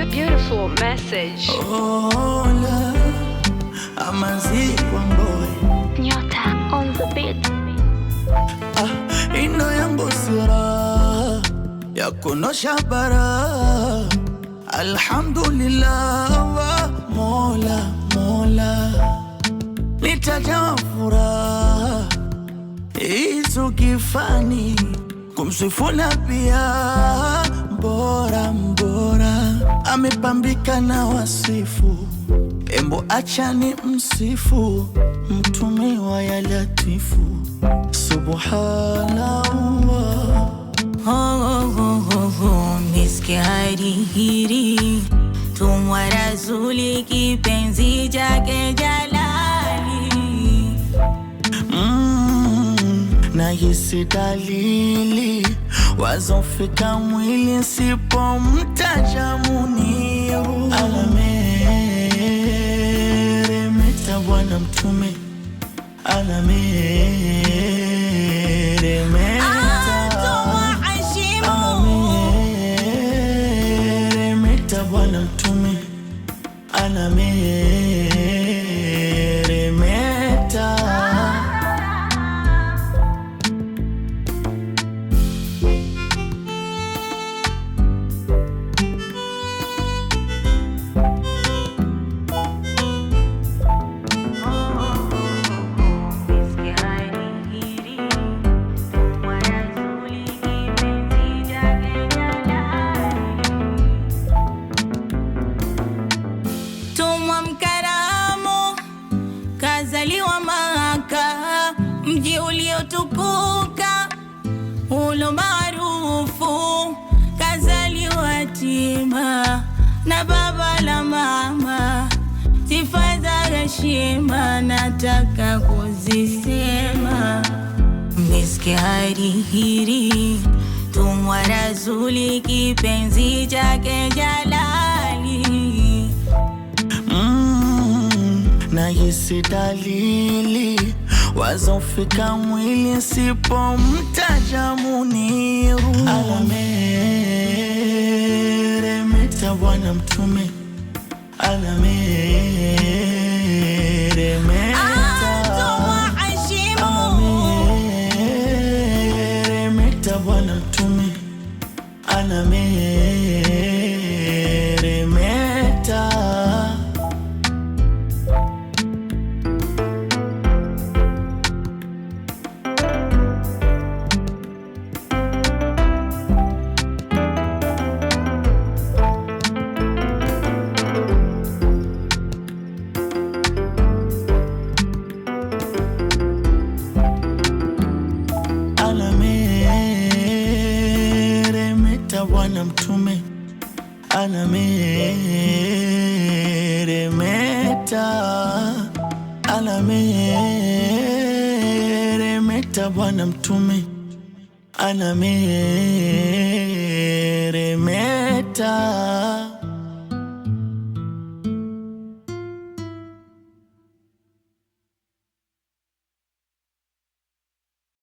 beautiful message. Hola, amazi boy. Nyota on the beat. Ah, ino yangu sura ya kunosha bara. Alhamdulillah, Mola, Mola, nitajawa furaha isukifani kumsifuna pia amepambika na wasifu, embo achani msifu, mtumiwa ya latifu, subhanallah oh, oh, oh, oh, hari hiri tumwa rasuli kipenzi chake jali nahisi dalili wazofika mwili nsipomtaja Muniru. Anameremeta Bwana Mtume, anameremeta Bwana Mtume, anameremeta umezaliwa Maka, mji uliotukuka ulo maarufu, kazaliwa yatima na baba la mama, sifa za heshima nataka kuzisema. Miski harihiri tumwa Rasuli, kipenzi chake jala nahisi dalili wazofika mwili sipo mtaja Muniru alameremeta Bwana Mtume alameremeta Bwana Mtume alame Bwana Mtume anameremeta, anameremeta, Bwana Mtume anameremeta